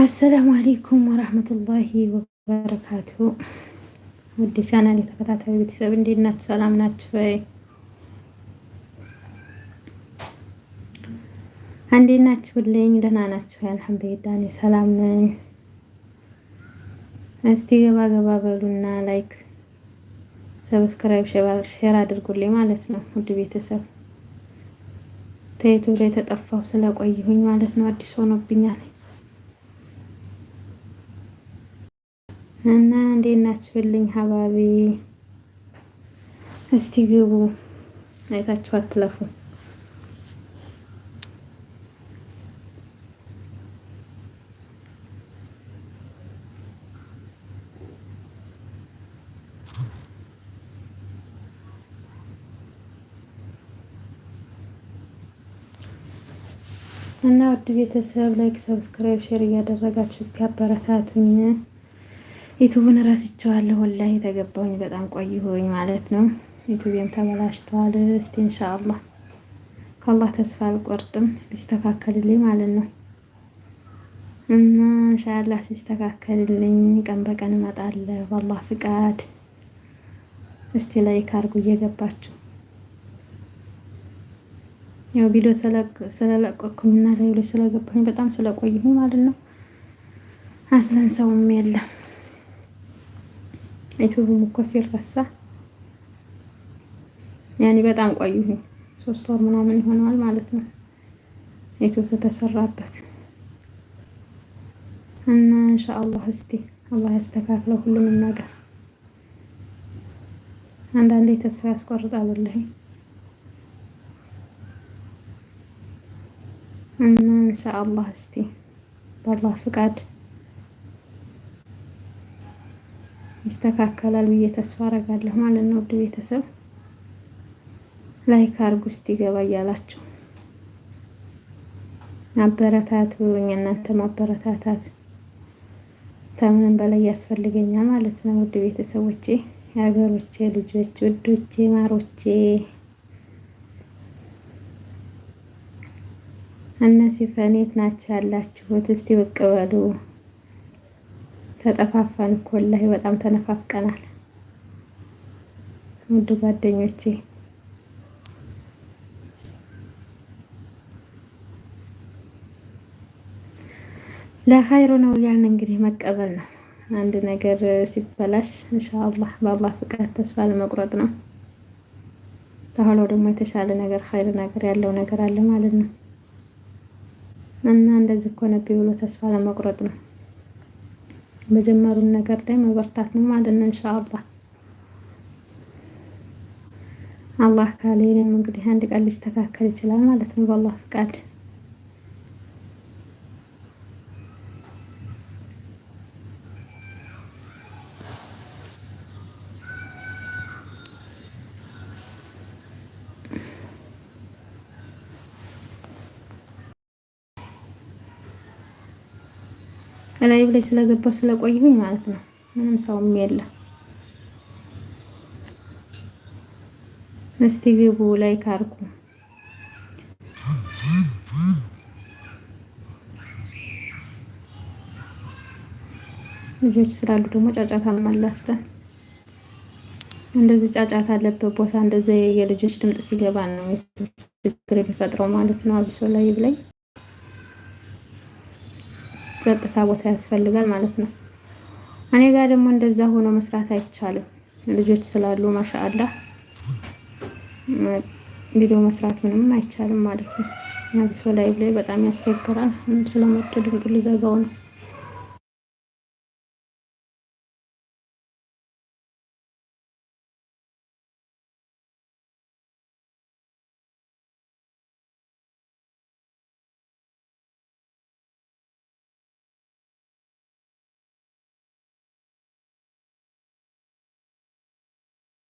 አሰላሙ አሌይኩም ወረህመቱላሂ ወበረካቱ። ውድ ቻናል የተከታታይ ቤተሰብ እንዴት ናችሁ? ሰላም ናችሁ ወይ? እንዴት ናችሁልኝ? ደህና ናችሁ? አልሐምዱሊላህ እኔ ሰላም ነኝ። እስቲ ገባ ገባ በሉና ላይክ፣ ሰብስክራይብ፣ ሼር አድርጉልኝ ማለት ነው። ውድ ቤተሰብ ተዩቱብ ላይ ተጠፋሁ ስለቆየሁኝ ማለት ነው። አዲስ ሆኖብኛል። እና እንዴት ናችሁልኝ ሀባቢ? እስቲ ግቡ አይታችሁ አትለፉ። እና ውድ ቤተሰብ ላይክ፣ ሰብስክራይብ፣ ሼር እያደረጋችሁ እስኪ አበረታቱኝ። ዩቱብን ረስቼዋለሁ ወላሂ የተገባውኝ በጣም ቆይሁኝ ማለት ነው። ዩቱብም ተበላሽተዋል። እስቲ እንሻአላ ከአላህ ተስፋ አልቆርጥም ሊስተካከልልኝ ማለት ነው እና ኢንሻአላህ ሲስተካከልልኝ ቀን በቀን እመጣለሁ በአላህ ፍቃድ። እስቲ ላይ ካርጉ እየገባችሁ ያው ቪዲዮ ስለለቀኩኝና ላይ ስለገባኝ በጣም ስለቆይሁ ማለት ነው አስለን ሰውም የለም። ዩቱብም እኮ ሲረሳ ያኔ በጣም ቆይሁ፣ ሶስት ወር ምናምን ይሆነዋል ማለት ነው ዩቱብ ተተሰራበት እና ኢንሻአላህ እስቲ አላህ ያስተካክለው ሁሉንም ነገር። አንዳንዴ ተስፋ ያስቆርጣል ወላሂ እና ኢንሻአላህ እስቲ በአላህ ፍቃድ ይስተካከላል ብዬ ተስፋ አረጋለሁ ማለት ነው። ውድ ቤተሰብ ላይክ አርጉ እስቲ ገባ እያላችሁ አበረታቱ። እናንተ ማበረታታት ከምንም በላይ ያስፈልገኛል ማለት ነው። ውድ ቤተሰቦቼ፣ የሀገሮቼ ልጆች፣ ውዶቼ፣ ማሮቼ እነዚህ ፈኔት ናቸው ያላችሁት እስቲ ብቅ በሉ። ተጠፋፋን እኮ ወላሂ በጣም ተነፋፍቀናል። ውድ ጓደኞቼ ለኸይሩ ነው እያልን እንግዲህ መቀበል ነው። አንድ ነገር ሲበላሽ እንሻአላህ በአላህ ፍቃድ ተስፋ ለመቁረጥ ነው። ተኋላው ደግሞ የተሻለ ነገር ኸይር ነገር ያለው ነገር አለ ማለት ነው እና እንደዚህ እኮ ነቢ ብሎ ተስፋ ለመቁረጥ ነው። በጀመሩን ነገር ላይ መበርታት ነው ማለት ነው። ኢንሻአላህ አላህ ካለ እንግዲህ አንድ ቀን ሊስተካከል ይችላል ማለት ነው በአላህ ፍቃድ። ላይቭ ላይ ስለገባሁ ስለቆየሁኝ ማለት ነው። ምንም ሰውም የለም። እስቲ ግቡ ላይ ካርኩ ልጆች ስላሉ ደግሞ ጫጫታ ማላስለን እንደዚህ ጫጫታ አለበት ቦታ እንደዚህ የልጆች ድምጥ ሲገባ ነው ችግር የሚፈጥረው ማለት ነው። አብሶ ላይቭ ላይ ጸጥታ ቦታ ያስፈልጋል ማለት ነው። እኔ ጋር ደግሞ እንደዛ ሆኖ መስራት አይቻልም። ልጆች ስላሉ ማሻአላህ ቪዲዮ መስራት ምንም አይቻልም ማለት ነው። አብሶ ላይቭ ላይ በጣም ያስቸግራል። ስለመጡ ድምፁ ልዘጋው ነው።